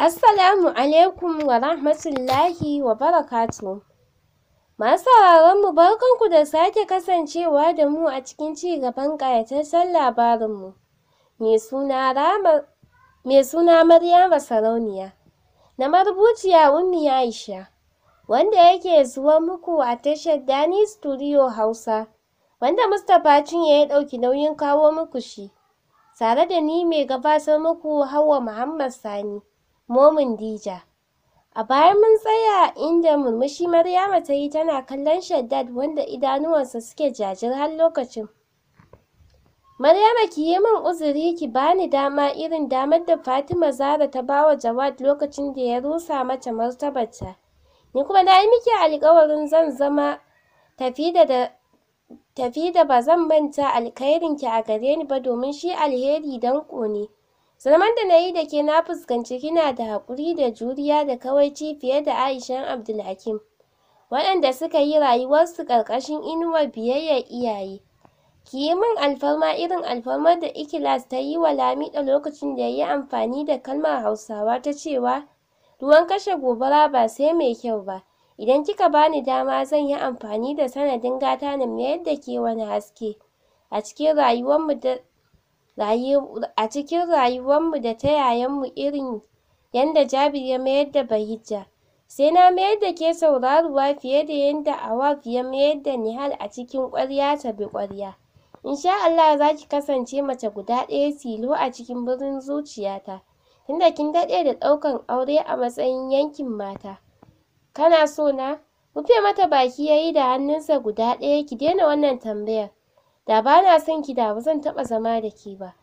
Assalamu alaikum wa rahmatullahi wa barakatuh. Masu sauraronmu barkanku da sake kasancewa da mu a cikin ci gaban ƙayataccen labarinmu. Mai suna Marya mai Maryama Sarauniya na marubuciya Ummi Aisha wanda yake zuwa muku a tashar Dani Studio Hausa wanda Mustapha Cinye ya ɗauki nauyin kawo muku shi tare da ni mai gabatar muku Hauwa Muhammad Sani. momin Dija. A baya mun tsaya inda murmushi Maryama ta yi tana kallon Shaddad wanda idanuwansa suke jajir har lokacin. Maryama ki yi min uzuri ki bani dama irin damar da Fatima Zara ta ba wa Jawad lokacin da ya rusa mata martabarta. Ni kuma na yi miki alkawarin zan zama tafi da da tafi da ba zan manta alkhairinki a gare ni ba domin shi alheri danko ne. Zaman da na yi da ke na fuskanci kina da haƙuri da juriya da kawaici fiye da Aisha Aishan Abdulhakim, waɗanda suka yi rayuwarsu ƙarƙashin inuwar biyayyar iyaye. Ki yi min alfarma irin alfarmar da Ikilas ta yi wa Lamiɗa lokacin da ya yi amfani da kalmar Hausawa ta cewa, ruwan kashe gobara ba sai mai kyau ba, idan kika bani dama zan yi amfani da sanadin gata na mayar da ke wani haske a cikin rayuwarmu da a cikin mu da ta yayanmu irin yanda Jabir ya mayar da Bahijja sai na mayar da ke sauraruwa fiye da yanda Awaf ya mayar da Nihal a cikin ƙwarya ta bi ƙwarya insha Allah za ki kasance mace guda ɗaya tilo a cikin birnin zuciyata tunda kin daɗe da ɗaukan aure a matsayin yankin mata kana so na rufe mata baki yayi da hannunsa guda ɗaya ki daina wannan tambayar da ba na son ki da ba zan taɓa zama da ke ba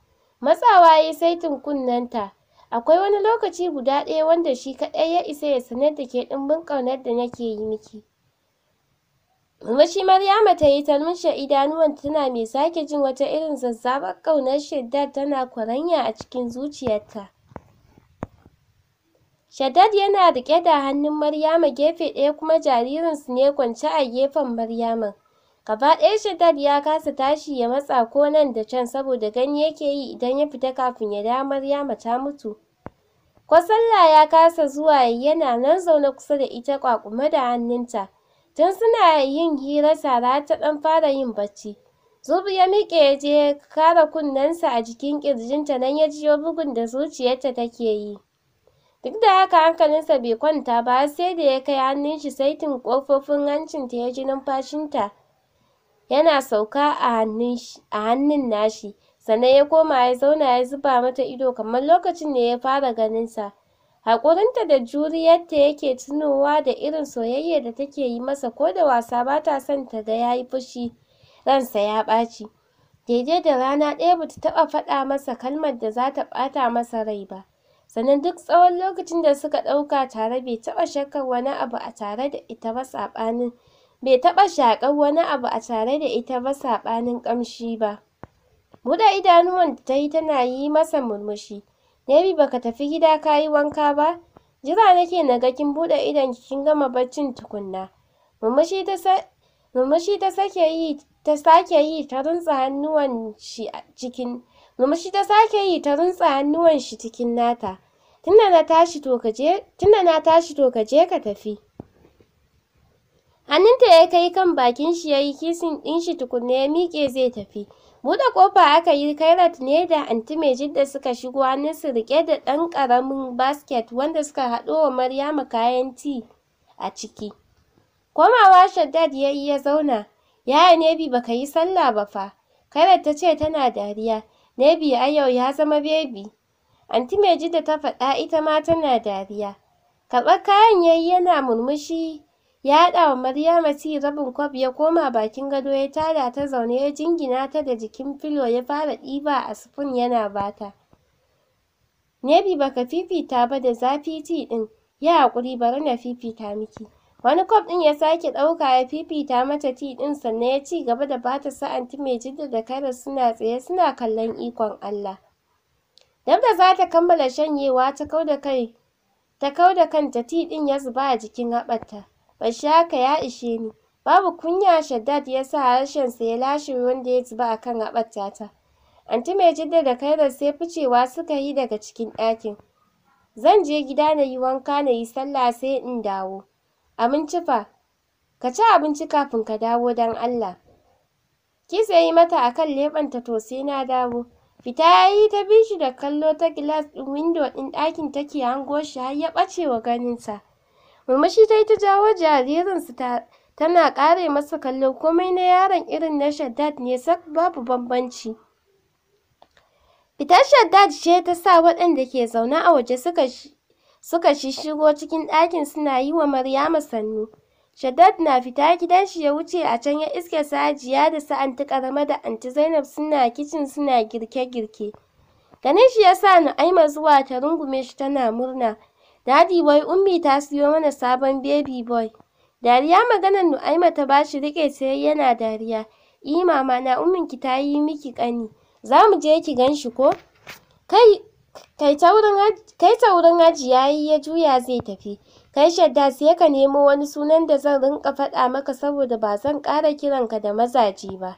matsawa ya yi saitin ta. akwai wani lokaci guda ɗaya wanda shi kaɗai ya isa ya sanar da ke ɗimbin ƙaunar da nake yi miki shi maryama ta yi ta idanuwan tana mai sake jin wata irin zazzabar ƙaunar shaddad tana kwaranya a cikin zuciyarta shaddad yana riƙe da hannun maryama gefe ɗaya kuma jaririnsu ne kwance a gefen maryaman Gaba ɗaya Shaddad ya kasa tashi ya matsa ko nan da can saboda gani yake yi idan ya fita kafin ya damar ya ta mutu. kwasalla ya kasa zuwa yana nan zaune kusa da ita ƙwaƙume da hannunta. Tun suna yin hira Sara ta ɗan fara yin bacci. Zubi ya miƙe ya je kara kunnensa a jikin ƙirjinta nan ya jiyo bugun da zuciyarta take yi. Duk da haka hankalinsa bai kwanta ba sai da ya kai hannun shi saitin ƙofofin hancinta ya ji numfashinta yana sauka a hannun nashi sannan ya koma ya zauna ya zuba mata ido kamar lokacin da ya fara ganin sa haƙurinta da juriyarta ta yake tunowa da irin soyayya da take yi masa ko da wasa bata son ta ga yayi fushi ransa ya ɓaci daidai da rana ɗaya bata taɓa faɗa masa kalmar da zata ɓata masa rai ba sannan duk tsawon lokacin da suka ɗauka tare bai taɓa shakkar wani abu a tare da ita ba saɓanin bai taɓa shaƙar wani abu a tare da ita ba saɓanin ƙamshi ba buɗe idanuwan da ta yi tana yi masa murmushi Debbie baka tafi gida ka yi wanka ba jira nake na ga kin buɗe idon kin gama barcin tukunna murmushi ta sa murmushi ta sake yi ta sake yi ta rintsa hannuwan shi cikin murmushi ta sake yi ta rintsa hannuwan shi cikin nata tunda na tashi to ka je tunda na tashi to ka je ka tafi Hannunta ya kai kan bakin shi ya yi kisin ɗin shi tukunna ya miƙe zai tafi. Buɗe ƙofa aka yi Kairat ne da anti mai jidda suka shigo hannunsu riƙe da ɗan ƙaramin basket wanda suka haɗo wa Maryama kayan ti a ciki. Komawa Shaddad ya yi ya zauna. Yaya Nebi baka yi sallah ba fa. Kairat ta ce tana dariya. Nebi ai yau ya zama bebi. Anti mai jidda ta faɗa ita ma tana dariya. Karɓar kayan ya yi yana murmushi ya haɗa wa Maryama ci rabin kwaf ya koma bakin gado ya tada ta zaune ya jingina ta da jikin filo ya fara ɗiba a spoon yana bata. Nebi baka fifita ba da zafi ti ɗin, ya haƙuri bari na fifita miki. Wani kwaf ɗin ya sake ɗauka ya fifita mata ti ɗin sannan ya ci gaba da bata sa'anti mai jidda da karas suna tsaye suna kallon ikon Allah. Dabda za ta kammala shanyewa ta kau kai ta kau da kanta ti ɗin ya zuba a jikin haɓarta. bashi haka ya ishe ni babu kunya Shaddad ya sa harshensa ya lashe wanda ya zuba a kan haɓar anti mai jidda da kairar sai ficewa suka yi daga cikin ɗakin zan je gida na yi wanka na yi sallah sai in dawo abinci fa ka ci abinci kafin ka dawo don Allah ya yi mata a kan leɓenta to sai na dawo fita ya yi ta bi da kallo ta gilas ɗin windo ɗin ɗakin take hango shi har ya ɓace wa ganinsa murmushi ta yi ta jawo jaririnsu ta tana ƙare masa kallon komai na yaron irin na shaddad ne sak babu bambanci fitar shaddad ce ta sa waɗanda ke zaune a waje suka suka shigo cikin ɗakin suna yi wa maryama sannu shaddad na fita gidan shi ya wuce a can ya iske sajiya da su karama da anti zainab suna kicin suna girke-girke ganin shi ya sa nu'aima zuwa ta rungume shi tana murna Daddy wai Ummi ta siyo mana sabon Baby boy. Dariya maganan Nu'aima ta bashi riƙe sai yana dariya. I mama na ummin ki ta yi miki kani. Za mu je ki gan shi ko? Kai kai taurin wurin haji ya yi ya juya zai tafi. Kai shadda sai ka nemo wani sunan da zan rinka faɗa maka saboda ba zan ƙara kiranka da mazaje ba.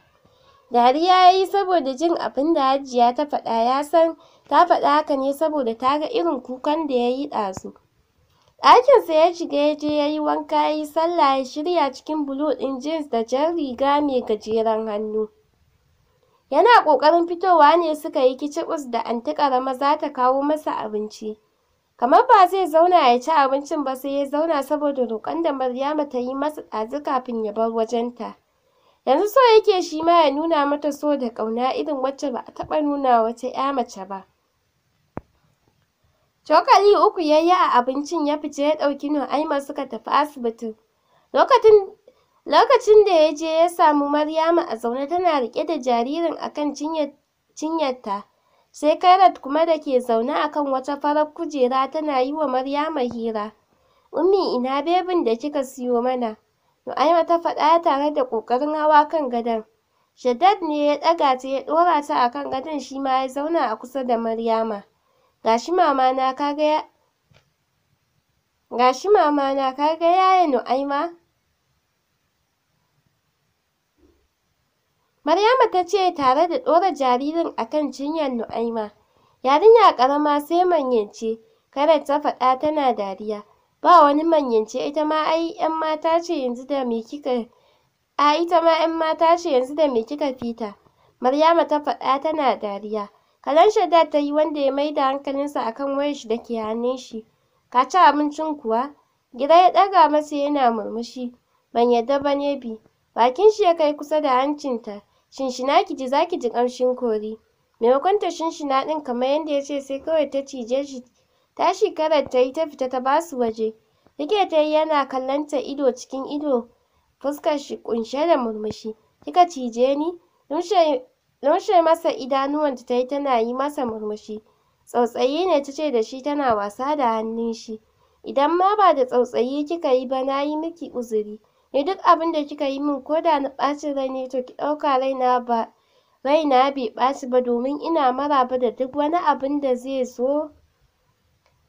Dariya yayi saboda jin abin da hajiya ta faɗa ya san ta faɗa haka ne saboda ta ga irin kukan da ya yi ɗazu ɗakinsa ya shiga ya je ya yi wanka ya yi sallah ya shirya cikin bulo ɗin jeans da jan riga mai gajeren hannu yana ƙoƙarin fitowa ne suka yi kicikus da anti ƙarama za ta kawo masa abinci kamar ba zai zauna ya ci abincin ba sai ya zauna saboda roƙon da Maryama ta yi masa ɗazu kafin ya bar wajenta yanzu so yake shi ma ya nuna mata so da ƙauna irin wacce ba a taɓa nuna wata 'ya mace ba Cokali uku ya yi a abincin ya fice ya ɗauki Nu'aima suka tafi asibitin. Lokacin da ya je ya samu Maryama a zaune tana riƙe da jaririn akan kan cinyarta, sai Kairat kuma da ke zaune a kan wata farar kujera tana yi wa Maryama hira. Ummi ina bebin da kika siyo mana? Nu'aima ta faɗa tare da ƙoƙarin hawa kan gadon. Shaddad ne ya ɗaga ta ya ɗora ta a kan gadon shi ma ya zauna a kusa da Maryama. gashi mama na kaga ya gashi mama na kaga yaya Maryama tace tare da ɗora jaririn akan cinyar Nu'aima yarinya ƙarama sai manyance kada ta faɗa tana dariya ba wani manyance itama ai ƴan mata ce yanzu da me kika a itama ƴan mata ce yanzu da me kika fita Maryama ta faɗa tana dariya Kallon Shaddad ta yi wanda ya da hankalinsa a kan wayarshi da ke hannun shi. Ka ci abincin kuwa? Gira ya ɗaga masa yana murmushi. Ban yadda ba ne bi. Bakin shi ya kai kusa da hancinta. Shinshina ki ji za ki ji ƙamshin kori. Maimakon ta shinshina ɗin kamar yadda ya ce sai kawai ta cije shi. Tashi karar ta yi ta fita ta ba su waje. Rike ta yi yana kallon ta ido cikin ido. Fuskar shi kunshe, da murmushi. Kika cije ni? Rushe Lumshe masa idanuwanta ta yi tana yi masa murmushi. Tsautsayi ne ta ce da shi tana wasa da hannun shi. Idan ma ba da tsautsayi kika yi ba na yi miki uzuri. Ni duk abin da kika yi min ko da na ɓacin rai ne to ki ɗauka raina ba raina bai ɓaci ba domin ina maraba da duk wani abin da zai zo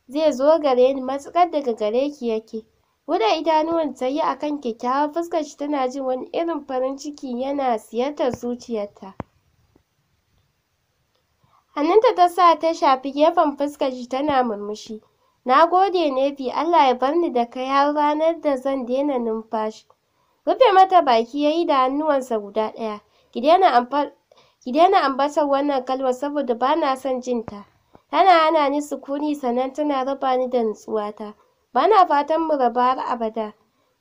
zai zo gare ni matuƙar daga gare ki yake. Buɗe idanuwan ta yi a kan kyakkyawar fuskar shi tana jin wani irin farin ciki yana ziyartar zuciyarta. Hannunta ta sa ta shafi gefen fuskar shi tana murmushi. Na gode Nefi, Allah ya bar ni da kai har ranar da zan daina numfashi. Rufe mata baki ya yi da hannuwansa guda ɗaya. Ki daina ambatar wannan kalmar saboda ba na son jin ta. Tana hana ni sukuni sannan tana raba ni da nutsuwata. Ba na fatan mu raba har abada.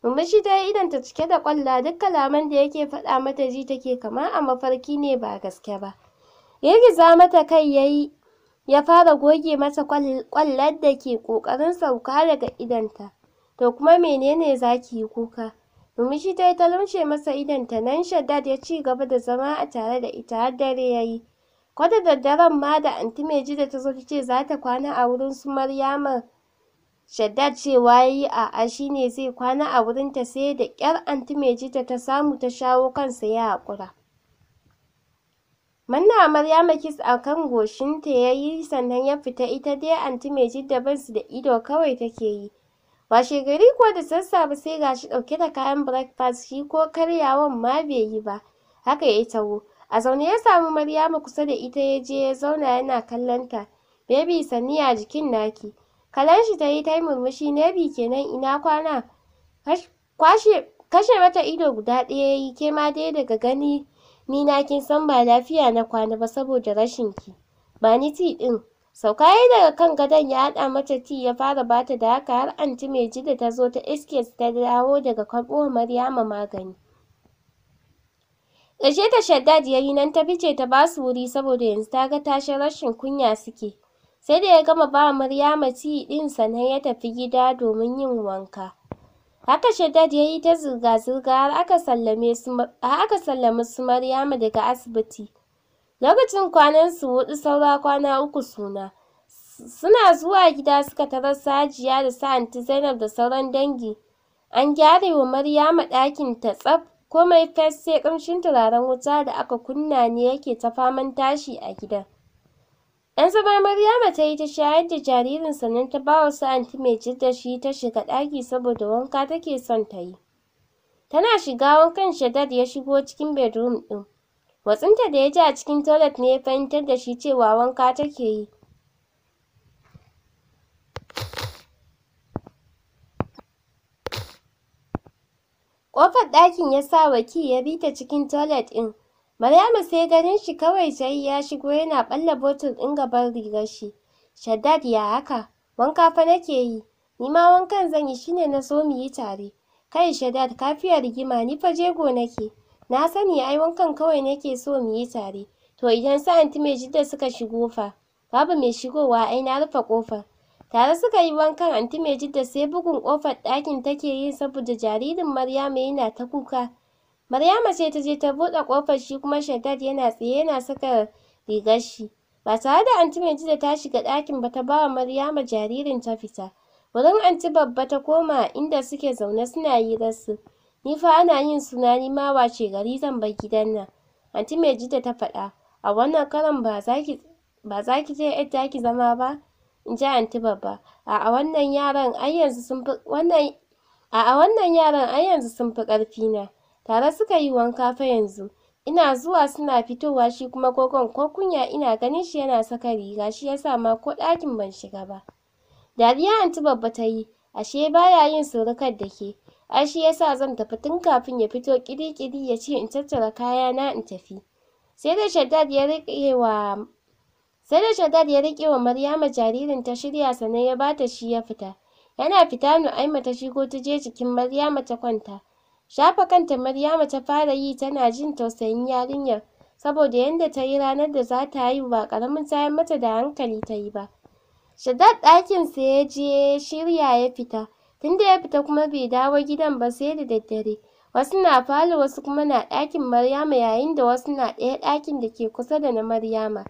Murmushi ta yi idonta cike da ƙwalla duk kalaman da yake faɗa mata ji take kamar a mafarki ne ba gaske ba. za mata kai yayi ya fara goge mata kwallar da ke ƙoƙarin sauka daga idonta to kuma menene zaki yi kuka ta yi ta lumshe masa idonta nan Shaddad ya ci gaba da zama a tare da ita har dare yayi ko da daddaren ma da anti da ta zo ta ce za ta kwana a wurin su Maryama Shaddad cewa yayi a'a shine zai kwana a wurinta sai da ƙyar anti da ta samu ta shawo kansa ya haƙura manna wa Maryama a kan goshinta ya yi sannan ya fita ita dai anti mai jidda bansu da ido kawai take yi. gari ko da sassafe sai gashi ɗauke da kayan breakfast shi ko karyawan ma bai yi ba. Haka ya taho. A zaune ya samu Maryama kusa da ita ya je ya zauna yana kallon ta. Baby sanniya jikin naki. Kalan shi ta yi ta yi murmushi Nebi kenan ina kwana. kashe mata ido guda ɗaya ya yi ke ma dai daga gani ni na kin san ba lafiya na kwana ba saboda rashin ki ba ni ti din sauka yi daga kan gadon ya haɗa mata ti ya fara bata da haka har anti mai jida ta zo ta iske ta dawo daga karɓo maryama magani ƙarshe ta shaddad ya yi nan ta fice ta ba su wuri saboda yanzu ta ga tashin rashin kunya suke sai da ya gama ba maryama ti ɗin sannan ya tafi gida domin yin wanka Haka Shaddad ya yi ta zirga-zirga har aka sallame su har aka sallami su Maryamu daga asibiti. Lokacin kwanan su huɗu saura kwana uku suna. Suna zuwa gida suka tarar sajiya da sa anti Zainab da sauran dangi. An gyara wa Maryamu ɗakin ta tsaf komai fes sai ƙamshin turaren wuta da aka kunna ne yake ta faman tashi a gidan. Yan zubar Maryama ta yi ta shayar da jaririn sannan ta ba wasu anti mai da shi ta shiga ɗaki saboda wanka take son ta yi. Tana shiga wankan Shaddad ya shigo cikin bedroom ɗin. Watsinta da ya ji a cikin toilet ne ya fahimtar da shi cewa wanka take yi. Ƙofar ɗakin ya sa Waki ya bi ta cikin toilet ɗin. Maryama sai ganin shi kawai sai ya shigo yana ɓalla botul ɗin gaban rigar shi. Shaddad ya haka? Wanka fa nake yi. Ni ma wankan zan yi shine na so mu yi tare. Kai Shaddad ka fiye rigima ni fa jego nake. Na sani ai wankan kawai nake so mu yi tare. To idan su anti mai jidda suka shigo fa? Babu mai shigowa ai na rufe ƙofar. Tare suka yi wankan anti mai jidda sai bugun ƙofar ɗakin take yi saboda jaririn Maryama yana ta kuka. Maryama sai ta je ta buɗe ƙofar shi kuma Shaddad yana tsaye yana saka rigar shi. Ba tare da Anti da ta shiga ɗakin ba ta ba wa Maryama jaririn ta fita. Wurin Anti Babba ta koma inda suke zaune suna hirar su. Ni fa ana yin suna ni ma wace gari zan bar gidan nan. Anti Maimuna ta faɗa. A wannan karon ba za ki ba za ki je yadda zama ba? In ji Anti Babba. A'a wannan yaran ai yanzu sun fi wannan a wannan yaran ai yanzu sun fi ƙarfi na. tare suka yi wanka fa yanzu ina zuwa suna fitowa shi kuma kokon ko kunya ina ganin shi yana saka riga shi ya sa ma ko ɗakin ban shiga ba dariya anti babba ta yi ashe baya yin surukar da ke ai shi ya sa zan tafi tun kafin ya fito ƙiriƙiri ya ce in tattara kayana in tafi sai da shaddad ya riƙe wa sai da shaddad ya riƙe wa maryama jaririn ta shirya sannan ya bata shi ya fita yana fita nu'aima ta ko ta je jikin maryama ta kwanta Shafa kanta Maryama ta fara yi tana jin tausayin yarinyar saboda yadda ta yi ranar da za ta haihu ba ƙaramin tayar mata da hankali ta yi ba. Shaddad ɗakinsa ya je shirya ya fita. Tunda ya fita kuma bai dawo gidan ba sai da daddare. Wasu na falo wasu kuma na ɗakin Maryama yayin da wasu na ɗaya ɗakin da ke kusa da na Maryama.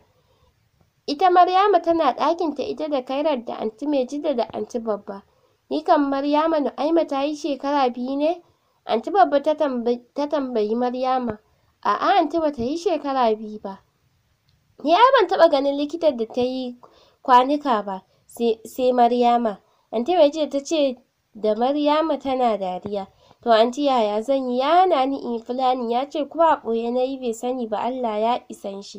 Ita Maryama tana ɗakin ta ita da Khairat da Anti Maijida da Anti Babba. Ni kam Maryama Nu'aima ta yi shekara biyu ne Anti Babba ta tambayi Maryama. A'a anti bata yi shekara biyu ba. Ni ai ban taba ganin likitar da ta yi kwanuka ba sai Maryama. Anti jiya ta ce da Maryama tana dariya. To anti yaya zan yi? Ya hana ni in fulani ya ce kuma a ɓoye na yi bai sani ba Allah ya isan shi.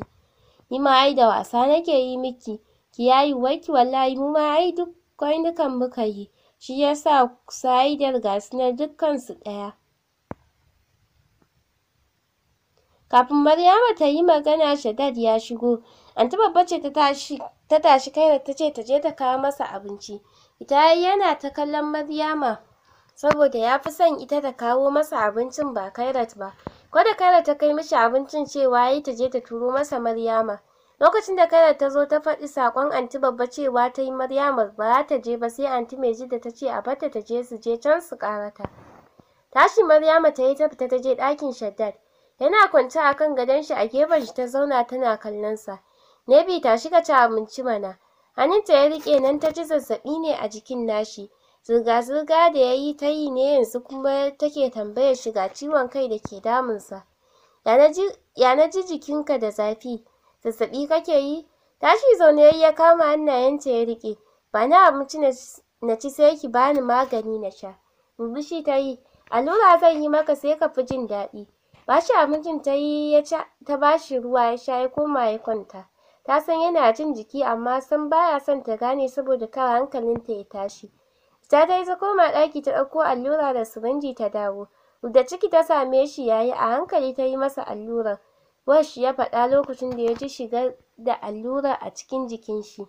Ni ma ai da wasa nake yi miki. Ki yayi ki wallahi mu ma ai duk kwanukan muka yi. Shi ya sa Sa'idar ga su nan dukkansu ɗaya. Kafin Maryama ta yi magana Shaddad ya shigo. Anti babba ce ta tashi ta tashi ta ce ta je ta kawo masa abinci. Ita yana ta kallon Maryama saboda ya fi son ita ta kawo masa abincin ba Kairat ba. Ko da Kairat ta kai mishi abincin cewa yi ta je ta turo masa Maryama. Lokacin da Kairat ta zo ta faɗi saƙon anti babba cewa ta yi Maryama ba ta je ba sai anti mai da ta ce a bata ta je su je can su ƙarata. Tashi Maryama ta yi ta fita ta je ɗakin Shaddad. Yana kwance a kan gadon shi a gefen shi ta zauna tana kallon sa. Nebi ta shiga ci abinci mana. Hannunta ya rike nan ta ji zazzaɓi ne a jikin nashi. Zirga-zirga da ya yi ta yi ne yanzu kuma take tambayar shi ga ciwon kai da ke damunsa. Ya na ji jikinka da zafi? Zazzaɓi kake yi? Tashi zaune ya kama hannayenta ya rike Ba na abinci na ci sai ki bani magani na sha. rubushi ta yi. Allura zan yi maka sai ka fi jin daɗi. bashi abincin yi ya ci ta bashi ruwa ya sha ya koma ya kwanta ta san yana jin jiki amma san baya son ta gane saboda kar hankalinta ya tashi ta dai ta koma ɗaki ta ɗauko allura da sirinji ta dawo da ciki ta same shi yayi a hankali ta yi masa allurar Wash ya faɗa lokacin da ya ji shigar da allurar a cikin jikin shi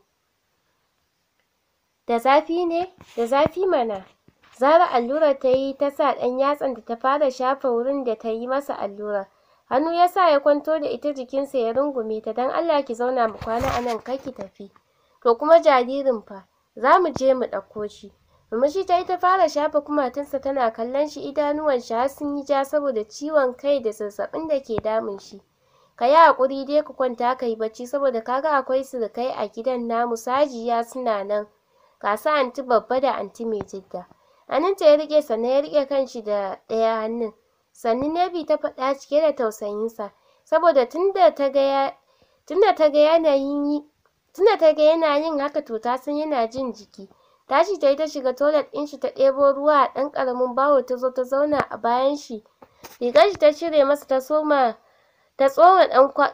da zafi ne da zafi mana zara allurar ta yi ta sa ɗan yatsan da ta fara shafa wurin da ta yi masa allurar. Hannu ya sa ya kwanto da ita jikinsa ya rungume ta, don Allah ki zauna mu kwana a nan kar ki tafi. To kuma jaririn fa? Za mu je mu ɗauko shi. Murmushi ta yi ta fara shafa kumatunsa tana kallon shi idanuwanshi har sun yi ja saboda ciwon kai da zazzaɓin da ke damun shi. Ka yi haƙuri dai ka kwanta ka yi bacci saboda ka ga akwai surukai a gidan namu Sajiya suna nan, ga su anti Babba da anti jidda. hannunta ya riƙe sannan ya riƙe kanshi da ɗaya hannun sannu nabi ta faɗa cike da tausayinsa saboda tunda ta ga tunda ta ga yanayin tunda ta ga yana yin haka to ta san yana jin jiki tashi ta yi ta shiga toilet ɗin shi ta ɗebo ruwa a ɗan ƙaramin ta zo ta zauna a bayan shi rigar shi ta cire masa ta soma ta tsoma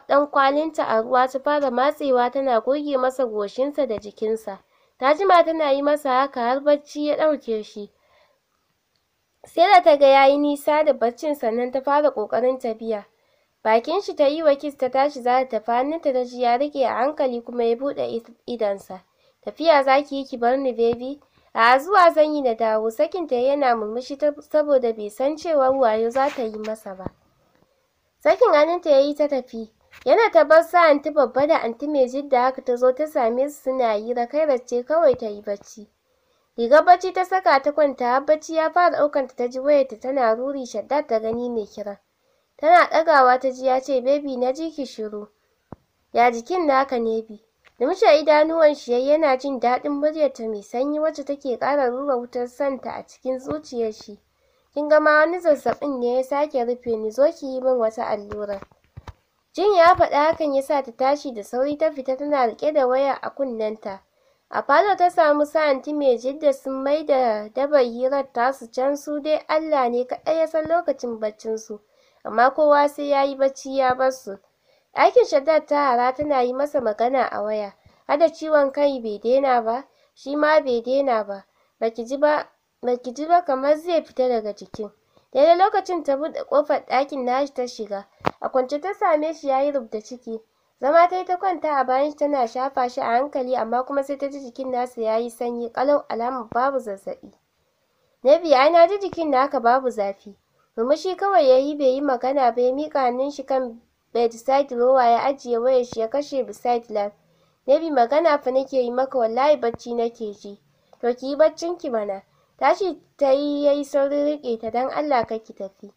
ɗan kwalinta a ruwa ta fara matsewa tana goge masa goshinsa da jikinsa ta jima tana yi masa haka har bacci ya ɗauke shi Sai da ta ga ya yi nisa da baccin sannan ta fara ƙoƙarin tafiya. Bakin shi ta yi wa kis ta tashi za ta tafi hannunta ta ji ya rike a hankali kuma ya buɗe idonsa. Tafiya za ki yi ki bar ni baby. A'a zuwa zan yi na dawo sakinta yana murmushi saboda bai san cewa wayo za ta yi masa ba. Sakin hannunta ya yi ta tafi. Yana ta bar sa anti babba da anti mai jidda haka ta zo ta same su suna yi da ce kawai ta yi bacci. rigar bacci ta saka ta kwanta har bacci ya fara ɗaukanta ta ji wayarta tana ruri shadda ta gani mai kira tana ɗagawa ta ji ya ce baby na ji ki shiru ya jikin naka ne bi Da Lumshe idanuwan shi yayi yana jin daɗin muryarta mai sanyi wacce take ƙara rura wutar santa a cikin zuciyar shi. Kin ga ma wani zazzaɓin ne ya sake rufe ni zo ki yi min wata allura. Jin ya faɗa hakan ya sa ta tashi da sauri ta fita tana riƙe da waya a kunnenta. A falo ta samu sa'anti Mai Jidda sun mai da dabar hirar tasu can su dai Allah ne kaɗai ya san lokacin su, amma kowa sai ya yi bacci ya bar su. Ɗakin Shaddad ta hara tana yi masa magana a waya, hada ciwon kai bai daina ba, shi ma bai daina ba, baki ba baki ji ba kamar zai fita daga jikin. Daidai lokacin ta buɗe ƙofar ɗakin nashi ta shiga, a kwance ta same shi ya yi rubda ciki. Zama ta yi ta kwanta a bayan shi tana shafa shi a hankali amma kuma sai ta ji jikin nasa ya yi sanyi ƙalau alamar babu zazzaɓi. Na biya ai na ji jikin naka babu zafi. Murmushi kawai ya yi bai yi magana ba ya miƙa hannun shi kan bedside rower ya ajiye wayar shi ya kashe beside lamp. Na bi magana fa nake yi maka wallahi bacci nake ji. To ki yi baccin ki mana. Tashi ta yi ya yi saurin riƙe ta don Allah ka ki tafi.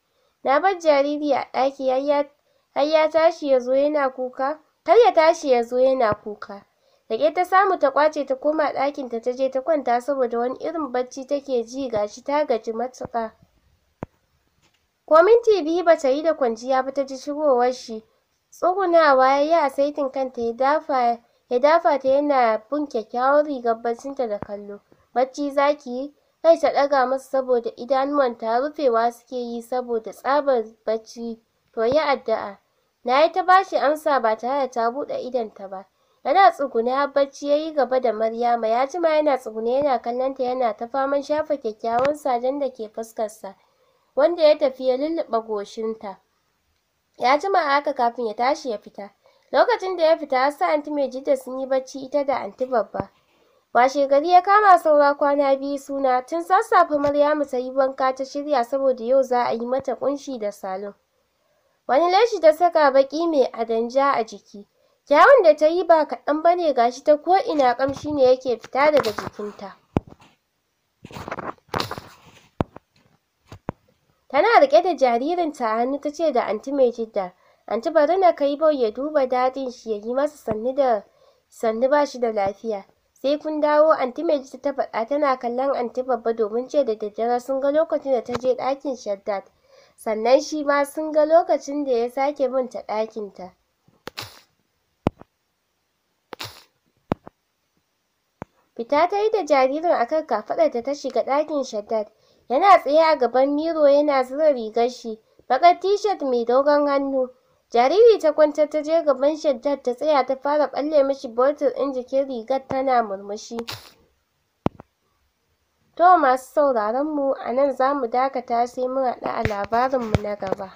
Na bar jariri a ɗaki har ya tashi ya zo yana kuka. Kar ya tashi ya zo yana kuka. Da ta samu ta kwace ta koma ɗakinta ta je ta kwanta saboda wani irin bacci take ji gashi ta gaji matuƙa. Ko minti biyu ba ta yi da kwanciya ba ta ji shigowar shi. Tsugunawa ya yi a saitin kanta ya dafa ya dafa ta yana bin kyakkyawar rigar baccinta da kallo. Bacci za ki yi? Kai ta ɗaga masa saboda ta rufewa suke yi saboda tsabar bacci. To yi addu'a. Na yi ta bashi amsa ba tare da ta buɗe idonta ba. Yana tsugune har bacci ya yi gaba da Maryama ya ma yana tsugune yana kallon ta yana ta faman shafa kyakkyawan sajen da ke fuskarsa wanda ya tafi ya lulluɓe goshinta. Ya ji a haka kafin ya tashi ya fita. Lokacin da ya fita har sa anti mai jidda sun yi bacci ita da anti babba. Washe gari ya kama saura kwana biyu suna tun sassafe Maryamu ta yi wanka ta shirya saboda yau za a yi mata ƙunshi da salon. wani lashi ta saka baƙi mai adanja a jiki kyawun da ta yi ba kaɗan ba ne ga shi ta ko'ina ƙamshi ne yake fita daga jikinta tana rike da jaririnta a hannu ta ce da anti mai jidda anti bari na kai bau ya duba dadin shi ya yi masa sannu da sannu ba shi da lafiya sai kun dawo anti mai jidda ta faɗa tana kallon anti babba domin ce da daddare sun ga lokacin da ta je ɗakin shaddad sannan shi ma sun ga lokacin da ya sake bin ta ɗakinta fita ta yi da jaririn a kan kafaɗarta ta shiga ɗakin shaddad yana tsaye a gaban miro yana zura rigar shi baƙar T-shirt mai dogon hannu jariri ta kwantar ta je gaban shaddad ta tsaya ta fara ɓalle mishi botul ɗin jikin rigar tana murmushi To masu sauraronmu a nan za mu dakata sai mun haɗu a labarinmu na gaba.